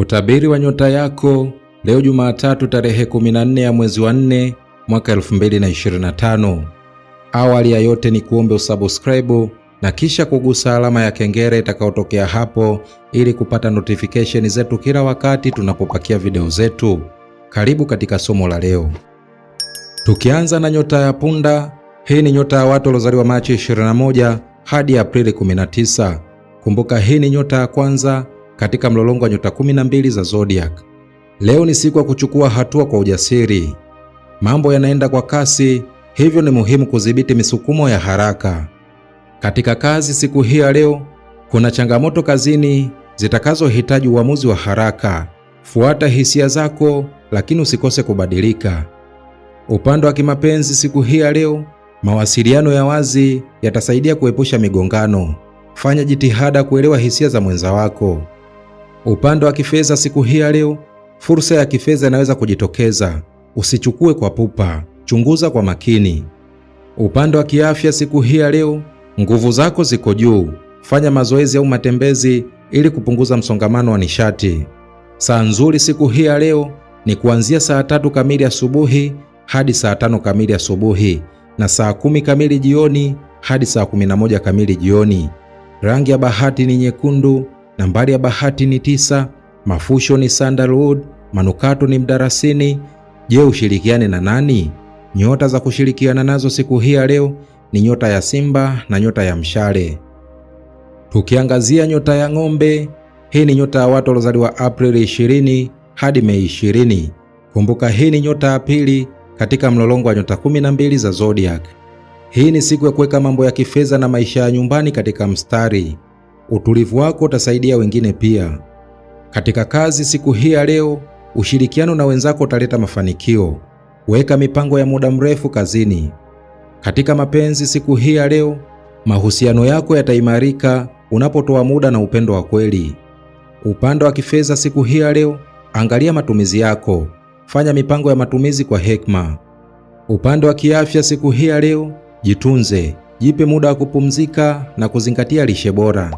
Utabiri wa nyota yako leo Jumatatu tarehe 14 ya mwezi wa 4 mwaka 2025. Awali ya yote ni kuombe usubscribe na kisha kugusa alama ya kengele itakayotokea hapo ili kupata notification zetu kila wakati tunapopakia video zetu. Karibu katika somo la leo. Tukianza na nyota ya punda, hii ni nyota ya watu waliozaliwa Machi 21 hadi Aprili 19. Kumbuka hii ni nyota ya kwanza katika mlolongo wa nyota 12 za zodiac. Leo ni siku ya kuchukua hatua kwa ujasiri. Mambo yanaenda kwa kasi, hivyo ni muhimu kudhibiti misukumo ya haraka. Katika kazi siku hii ya leo, kuna changamoto kazini zitakazohitaji uamuzi wa haraka. Fuata hisia zako, lakini usikose kubadilika. Upande wa kimapenzi siku hii ya leo, mawasiliano ya wazi yatasaidia kuepusha migongano. Fanya jitihada kuelewa hisia za mwenza wako. Upande wa kifedha siku hii ya leo, fursa ya kifedha inaweza kujitokeza. Usichukue kwa pupa, chunguza kwa makini. Upande wa kiafya siku hii ya leo, nguvu zako ziko juu. Fanya mazoezi au matembezi ili kupunguza msongamano wa nishati. Saa nzuri siku hii ya leo ni kuanzia saa tatu kamili asubuhi hadi saa tano kamili asubuhi na saa kumi kamili jioni hadi saa kumi na moja kamili jioni. Rangi ya bahati ni nyekundu nambari ya bahati ni tisa, mafusho ni sandalwood, manukato ni mdarasini. Je, ushirikiane na nani? Nyota za kushirikiana nazo siku hii ya leo ni nyota ya simba na nyota ya mshale. Tukiangazia nyota ya ng'ombe, hii ni nyota ya watu waliozaliwa Aprili 20 hadi Mei 20. Kumbuka hii ni nyota ya pili katika mlolongo wa nyota 12 za zodiac. Hii ni siku ya kuweka mambo ya kifedha na maisha ya nyumbani katika mstari. Utulivu wako utasaidia wengine pia. Katika kazi siku hii ya leo, ushirikiano na wenzako utaleta mafanikio. Weka mipango ya muda mrefu kazini. Katika mapenzi siku hii ya leo, mahusiano yako yataimarika unapotoa muda na upendo wa kweli. Upande wa kifedha siku hii ya leo, angalia matumizi yako. Fanya mipango ya matumizi kwa hekima. Upande wa kiafya siku hii ya leo, jitunze, jipe muda wa kupumzika na kuzingatia lishe bora.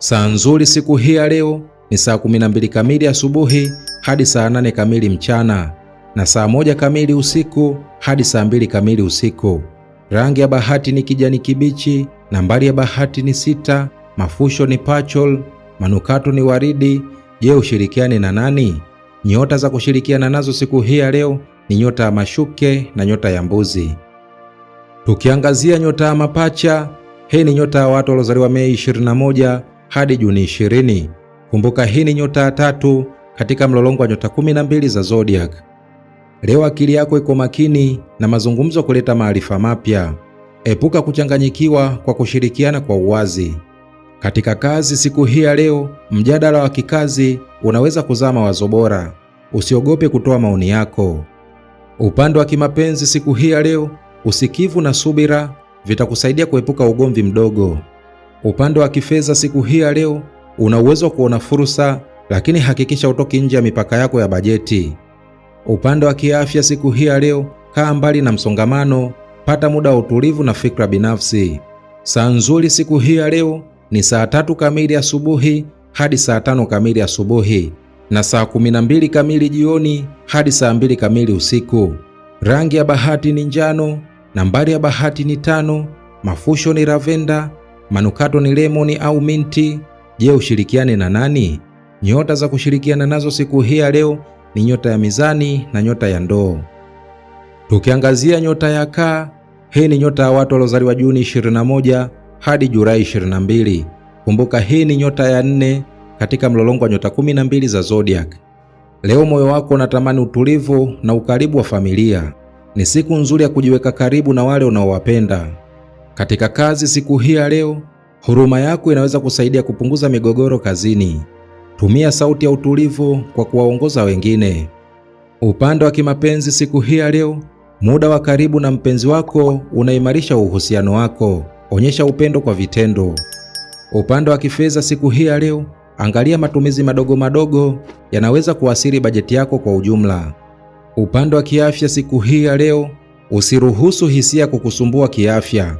Saa nzuri siku hii ya leo ni saa 12 kamili asubuhi hadi saa 8 kamili mchana na saa moja kamili usiku hadi saa mbili kamili usiku. Rangi ya bahati ni kijani kibichi, nambari ya bahati ni sita, mafusho ni pachol, manukato ni waridi. Je, ushirikiane na nani? Nyota za kushirikiana nazo siku hii ya leo ni nyota ya mashuke na nyota ya mbuzi. Tukiangazia nyota ya mapacha, hii ni nyota ya watu waliozaliwa Mei 21 hadi Juni 20. Kumbuka hii ni nyota ya tatu katika mlolongo wa nyota 12 za zodiac. Leo akili yako iko makini na mazungumzo kuleta maarifa mapya. Epuka kuchanganyikiwa kwa kushirikiana kwa uwazi. Katika kazi siku hii ya leo, mjadala wa kikazi unaweza kuzaa mawazo bora. Usiogope kutoa maoni yako. Upande wa kimapenzi siku hii ya leo, usikivu na subira vitakusaidia kuepuka ugomvi mdogo. Upande wa kifedha siku hii ya leo una uwezo wa kuona fursa, lakini hakikisha utoki nje ya mipaka yako ya bajeti. Upande wa kiafya siku hii ya leo, kaa mbali na msongamano, pata muda wa utulivu na fikra binafsi. Saa nzuri siku hii ya leo ni saa tatu kamili asubuhi hadi saa tano kamili asubuhi na saa kumi na mbili kamili jioni hadi saa mbili kamili usiku. Rangi ya bahati ni njano, nambari ya bahati ni tano, mafusho ni ravenda, Manukato ni lemoni au minti? Je, ushirikiane na nani? Nyota za kushirikiana nazo siku hii ya leo ni nyota ya mizani na nyota ya ndoo. Tukiangazia nyota ya kaa, hii ni nyota ya watu waliozaliwa Juni 21 hadi Julai 22. Kumbuka hii ni nyota ya nne katika mlolongo wa nyota 12 za zodiac. Leo moyo wako unatamani utulivu na ukaribu wa familia. Ni siku nzuri ya kujiweka karibu na wale unaowapenda. Katika kazi siku hii ya leo, huruma yako inaweza kusaidia kupunguza migogoro kazini. Tumia sauti ya utulivu kwa kuwaongoza wengine. Upande wa kimapenzi siku hii ya leo, muda wa karibu na mpenzi wako unaimarisha uhusiano wako. Onyesha upendo kwa vitendo. Upande wa kifedha siku hii ya leo, angalia matumizi madogo madogo yanaweza kuathiri bajeti yako kwa ujumla. Upande wa kiafya siku hii ya leo, usiruhusu hisia kukusumbua kiafya.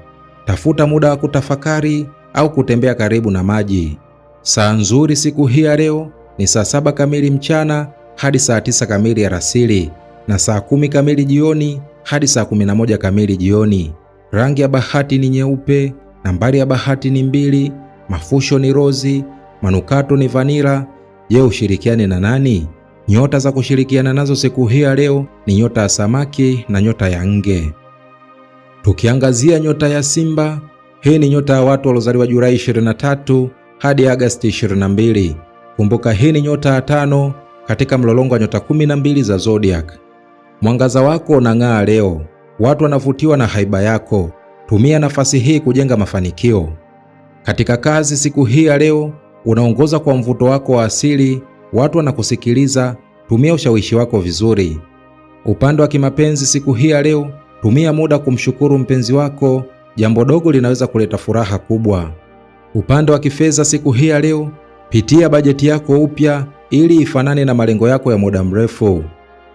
Tafuta muda wa kutafakari au kutembea karibu na maji. Saa nzuri siku hii ya leo ni saa saba kamili mchana hadi saa tisa kamili alasiri na saa kumi kamili jioni hadi saa kumi na moja kamili jioni. Rangi ya bahati ni nyeupe, nambari ya bahati ni mbili, mafusho ni rozi, manukato ni vanira. Je, ushirikiane na nani? Nyota za kushirikiana nazo siku hii ya leo ni nyota ya samaki na nyota ya nge. Tukiangazia nyota ya Simba, hii ni nyota ya watu waliozaliwa Julai 23 hadi Agasti 22. Kumbuka, hii ni nyota ya tano katika mlolongo wa nyota 12 za zodiac. Mwangaza wako unang'aa leo, watu wanavutiwa na haiba yako. Tumia nafasi hii kujenga mafanikio katika kazi. Siku hii ya leo unaongoza kwa mvuto wako wa asili, watu wanakusikiliza. Tumia ushawishi wako vizuri. Upande wa kimapenzi, siku hii ya leo Tumia muda kumshukuru mpenzi wako, jambo dogo linaweza kuleta furaha kubwa. Upande wa kifedha siku hii ya leo, pitia bajeti yako upya ili ifanane na malengo yako ya muda mrefu.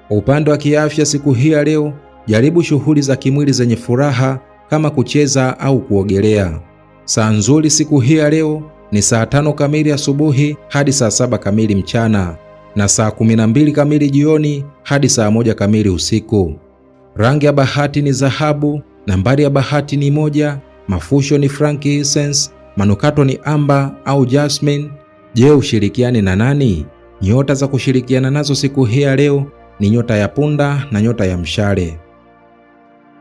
Upande wa kiafya siku hii ya leo, jaribu shughuli za kimwili zenye furaha kama kucheza au kuogelea. Saa nzuri siku hii ya leo ni saa tano kamili asubuhi hadi saa saba kamili mchana na saa kumi na mbili kamili jioni hadi saa moja kamili usiku. Rangi ya bahati ni dhahabu, nambari ya bahati ni moja, mafusho ni frankincense, manukato ni amba au jasmine. Je, ushirikiane na nani? Nyota za kushirikiana nazo siku hii ya leo ni nyota ya punda na nyota ya mshale.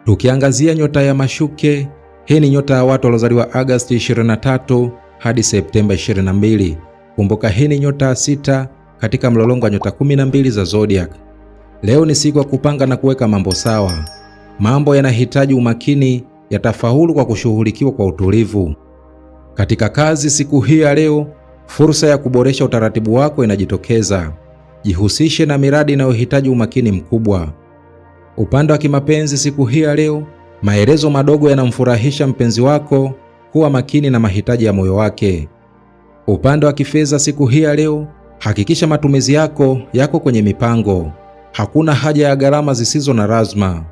Tukiangazia nyota ya mashuke, hii ni nyota ya watu waliozaliwa Agosti 23 hadi Septemba 22. Kumbuka, hii ni nyota ya sita katika mlolongo wa nyota 12 za zodiac. Leo ni siku ya kupanga na kuweka mambo sawa. Mambo yanahitaji umakini yatafaulu kwa kushughulikiwa kwa utulivu. Katika kazi siku hii ya leo, fursa ya kuboresha utaratibu wako inajitokeza. Jihusishe na miradi inayohitaji umakini mkubwa. Upande wa kimapenzi siku hii ya leo, maelezo madogo yanamfurahisha mpenzi wako. Kuwa makini na mahitaji ya moyo wake. Upande wa kifedha siku hii ya leo, hakikisha matumizi yako yako kwenye mipango hakuna haja ya gharama zisizo na lazima.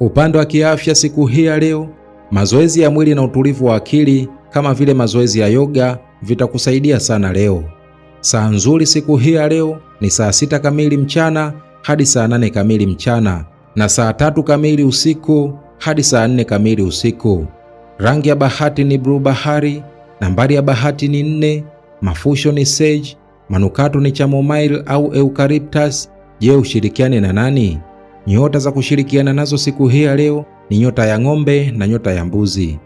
Upande wa kiafya, siku hii ya leo, mazoezi ya mwili na utulivu wa akili kama vile mazoezi ya yoga vitakusaidia sana leo. Saa nzuri siku hii ya leo ni saa sita kamili mchana hadi saa nane kamili mchana na saa tatu kamili usiku hadi saa nne kamili usiku. Rangi ya bahati ni bluu bahari. Nambari ya bahati ni nne. Mafusho ni sage. Manukato ni chamomile au eucalyptus. Je, ushirikiane na nani? Nyota za kushirikiana nazo siku hii ya leo ni nyota ya ng'ombe na nyota ya mbuzi.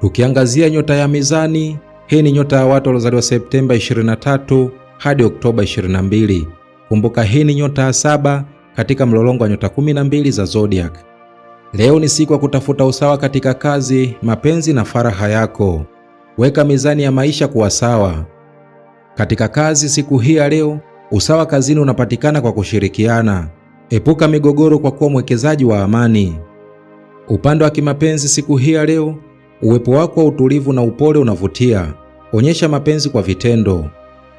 Tukiangazia nyota ya mizani, hii ni nyota ya watu waliozaliwa Septemba 23 hadi Oktoba 22. Kumbuka hii ni nyota ya saba katika mlolongo wa nyota 12 za zodiac. Leo ni siku ya kutafuta usawa katika kazi, mapenzi na faraha yako. Weka mizani ya maisha kuwa sawa. Katika kazi siku hii ya leo, Usawa kazini unapatikana kwa kushirikiana. Epuka migogoro kwa kuwa mwekezaji wa amani. Upande wa kimapenzi siku hii ya leo, uwepo wako wa utulivu na upole unavutia. Onyesha mapenzi kwa vitendo.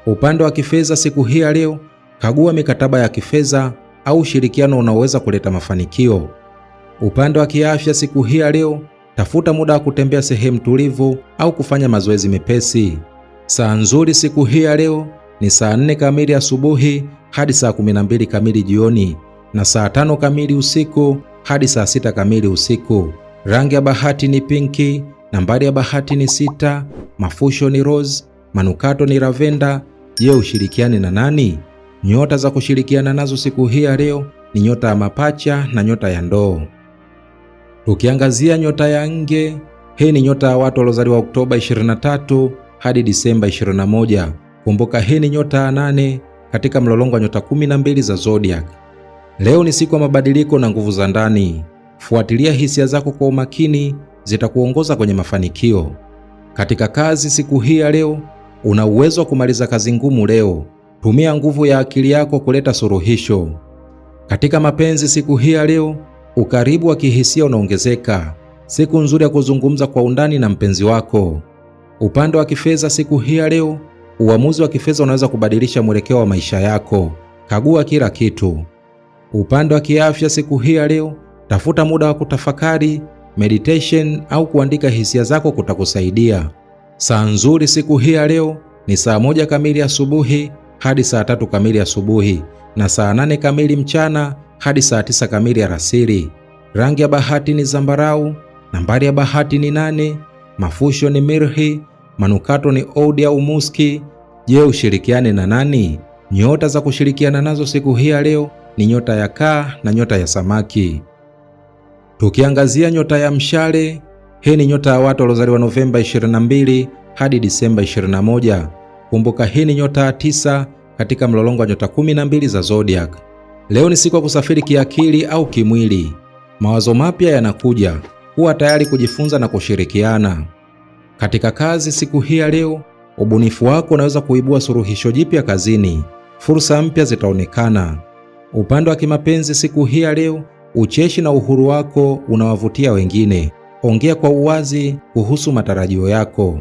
Upande wa kifedha siku hii ya leo, kagua mikataba ya kifedha au ushirikiano unaoweza kuleta mafanikio. Upande wa kiafya siku hii ya leo, tafuta muda wa kutembea sehemu tulivu au kufanya mazoezi mepesi. Saa nzuri siku hii ya leo ni saa 4 kamili asubuhi hadi saa 12 kamili jioni na saa tano kamili usiku hadi saa sita kamili usiku. Rangi ya bahati ni pinki, nambari ya bahati ni sita, mafusho ni rose, manukato ni lavenda. Je, ushirikiane na nani? Nyota za kushirikiana nazo siku hii ya leo ni nyota ya mapacha na nyota ya ndoo. Tukiangazia nyota ya nge, hii ni nyota ya watu waliozaliwa Oktoba 23 hadi Disemba 21. Kumbuka hii ni nyota ya nane katika mlolongo wa nyota kumi na mbili za zodiac. Leo ni siku ya mabadiliko na nguvu za ndani. Fuatilia hisia zako kwa umakini, zitakuongoza kwenye mafanikio. Katika kazi siku hii ya leo, una uwezo wa kumaliza kazi ngumu leo. Tumia nguvu ya akili yako kuleta suluhisho. Katika mapenzi siku hii ya leo, ukaribu wa kihisia unaongezeka. Siku nzuri ya kuzungumza kwa undani na mpenzi wako. Upande wa kifedha siku hii ya leo, Uamuzi wa kifedha unaweza kubadilisha mwelekeo wa maisha yako. Kagua kila kitu. Upande wa kiafya siku hii ya leo, tafuta muda wa kutafakari, meditation au kuandika hisia zako kutakusaidia. Saa nzuri siku hii ya leo ni saa moja kamili asubuhi hadi saa tatu kamili asubuhi na saa nane kamili mchana hadi saa tisa kamili alasiri. Rangi ya bahati ni zambarau. Nambari ya bahati ni nane. Mafusho ni mirhi. Manukato ni odi au muski? Je, ushirikiane na nani? Nyota za kushirikiana nazo siku hii ya leo ni nyota ya kaa na nyota ya samaki. Tukiangazia nyota ya mshale, hii ni nyota ya watu waliozaliwa Novemba 22 hadi Disemba 21. Kumbuka hii ni nyota ya tisa katika mlolongo wa nyota 12 za zodiac. Leo ni siku ya kusafiri kiakili au kimwili. Mawazo mapya yanakuja, kuwa tayari kujifunza na kushirikiana. Katika kazi siku hii ya leo, ubunifu wako unaweza kuibua suluhisho jipya kazini. Fursa mpya zitaonekana. Upande wa kimapenzi siku hii ya leo, ucheshi na uhuru wako unawavutia wengine. Ongea kwa uwazi kuhusu matarajio yako.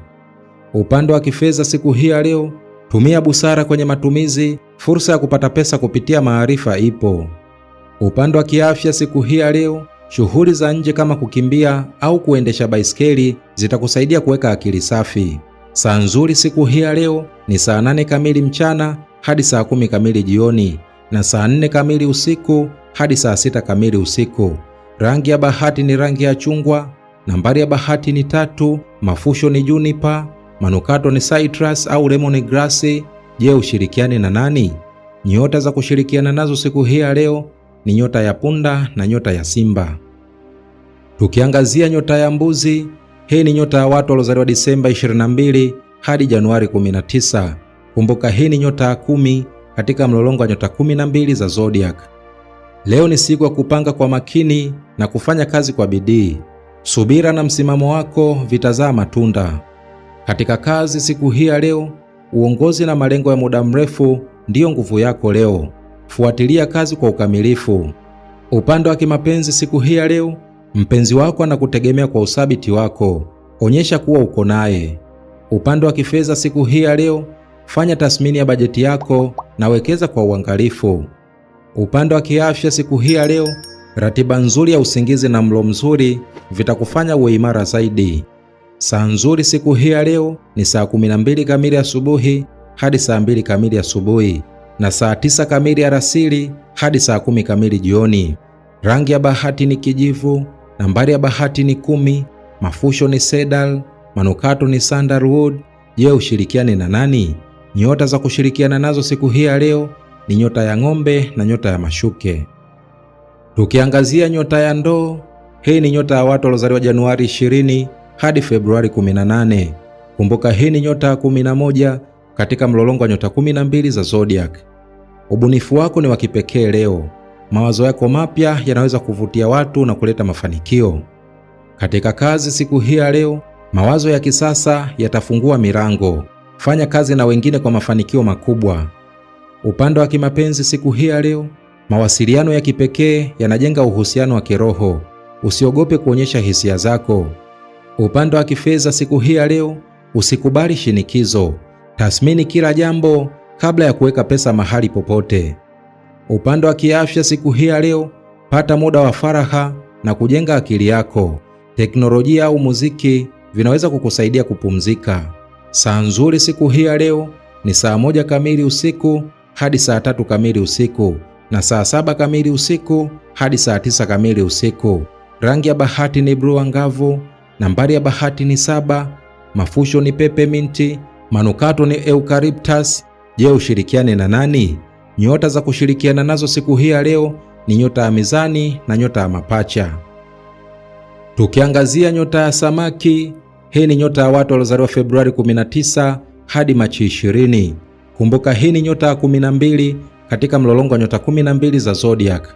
Upande wa kifedha siku hii ya leo, tumia busara kwenye matumizi. Fursa ya kupata pesa kupitia maarifa ipo. Upande wa kiafya siku hii ya leo, Shughuli za nje kama kukimbia au kuendesha baiskeli zitakusaidia kuweka akili safi. Saa nzuri siku hii ya leo ni saa nane kamili mchana hadi saa kumi kamili jioni na saa nne kamili usiku hadi saa sita kamili usiku. Rangi ya bahati ni rangi ya chungwa. Nambari ya bahati ni tatu. Mafusho ni junipa. Manukato ni citrus au lemon grass. Je, ushirikiane na nani? Nyota za kushirikiana nazo siku hii ya leo ni nyota ya punda na nyota ya simba. Tukiangazia nyota ya mbuzi, hii ni nyota ya watu waliozaliwa Disemba 22 hadi Januari 19. Kumbuka hii ni nyota ya kumi katika mlolongo wa nyota 12 za zodiac. Leo ni siku ya kupanga kwa makini na kufanya kazi kwa bidii. Subira na msimamo wako vitazaa matunda. Katika kazi siku hii ya leo, uongozi na malengo ya muda mrefu ndiyo nguvu yako leo. Fuatilia kazi kwa ukamilifu. Upande wa kimapenzi siku hii ya leo, Mpenzi wako anakutegemea kwa uthabiti wako, onyesha kuwa uko naye. Upande wa kifedha siku hii ya leo, fanya tathmini ya bajeti yako na wekeza kwa uangalifu. Upande wa kiafya siku hii ya leo, ratiba nzuri ya usingizi na mlo mzuri vitakufanya uwe imara zaidi. Saa nzuri siku hii ya leo ni saa 12 kamili asubuhi hadi saa 2 kamili asubuhi na saa 9 kamili alasiri hadi saa 10 kamili jioni. Rangi ya bahati ni kijivu nambari ya bahati ni kumi, mafusho ni sedal, manukato ni sandalwood. Je, ushirikiane na nani? Nyota za kushirikiana nazo siku hii ya leo ni nyota ya ng'ombe na nyota ya mashuke. Tukiangazia nyota ya ndoo, hii ni nyota ya watu waliozaliwa Januari 20 hadi Februari 18. Kumbuka hii ni nyota ya 11 katika mlolongo wa nyota 12 za zodiac. Ubunifu wako ni wa kipekee leo mawazo yako mapya yanaweza kuvutia watu na kuleta mafanikio katika kazi. Siku hii ya leo, mawazo ya kisasa yatafungua milango. Fanya kazi na wengine kwa mafanikio makubwa. Upande wa kimapenzi, siku hii ya leo, mawasiliano ya kipekee yanajenga uhusiano wa kiroho. Usiogope kuonyesha hisia zako. Upande wa kifedha, siku hii ya leo, usikubali shinikizo. Tathmini kila jambo kabla ya kuweka pesa mahali popote. Upande wa kiafya siku hii ya leo, pata muda wa faraha na kujenga akili yako. Teknolojia au muziki vinaweza kukusaidia kupumzika. Saa nzuri siku hii ya leo ni saa moja kamili usiku hadi saa tatu kamili usiku na saa saba kamili usiku hadi saa tisa kamili usiku. Rangi ya bahati ni bluu angavu. Nambari ya bahati ni saba. Mafusho ni pepe minti. Manukato ni eucalyptus. Je, ushirikiane na nani? Nyota za kushirikiana nazo siku hii ya leo ni nyota ya mizani na nyota ya mapacha. Tukiangazia nyota ya samaki, hii ni nyota ya watu waliozaliwa Februari 19 hadi Machi 20. Kumbuka hii ni nyota ya 12 katika mlolongo wa nyota 12 za zodiac.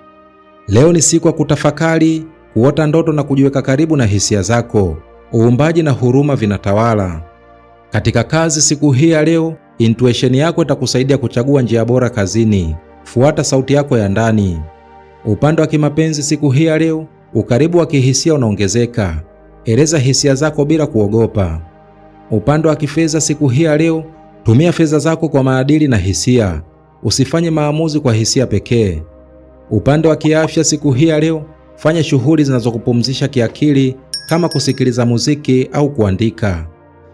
Leo ni siku ya kutafakari, kuota ndoto na kujiweka karibu na hisia zako. Uumbaji na huruma vinatawala katika kazi siku hii ya leo. Intuition yako itakusaidia kuchagua njia bora kazini. Fuata sauti yako ya ndani. Upande wa kimapenzi siku hii ya leo, ukaribu wa kihisia unaongezeka. Eleza hisia zako bila kuogopa. Upande wa kifedha siku hii ya leo, tumia fedha zako kwa maadili na hisia. Usifanye maamuzi kwa hisia pekee. Upande wa kiafya siku hii ya leo, fanya shughuli zinazokupumzisha kiakili kama kusikiliza muziki au kuandika.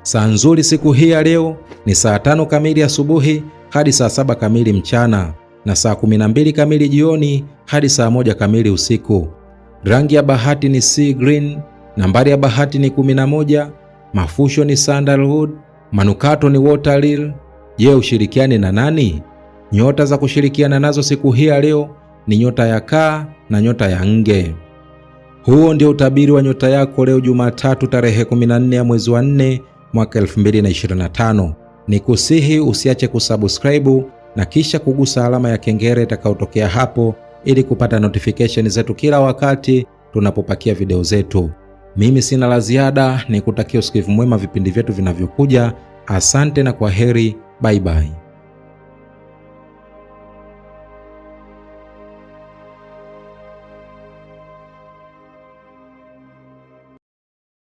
Saa nzuri siku hii ya leo ni saa tano kamili asubuhi hadi saa saba kamili mchana na saa 12 kamili jioni hadi saa moja kamili usiku. Rangi ya bahati ni sea green, nambari ya bahati ni moja. mafusho ni sandalwood, manukato ni water lily. Je, ushirikiane na nani? Nyota za kushirikiana nazo siku hii ya leo ni nyota ya kaa na nyota ya nge. Huo ndio utabiri wa nyota yako leo Jumatatu tarehe 14 ya mwezi wa 4 mwaka 2025. Ni kusihi usiache kusubscribe na kisha kugusa alama ya kengele itakayotokea hapo ili kupata notification zetu kila wakati tunapopakia video zetu. Mimi sina la ziada, ni kutakia usikivu mwema vipindi vyetu vinavyokuja. Asante na kwa heri, bye bye.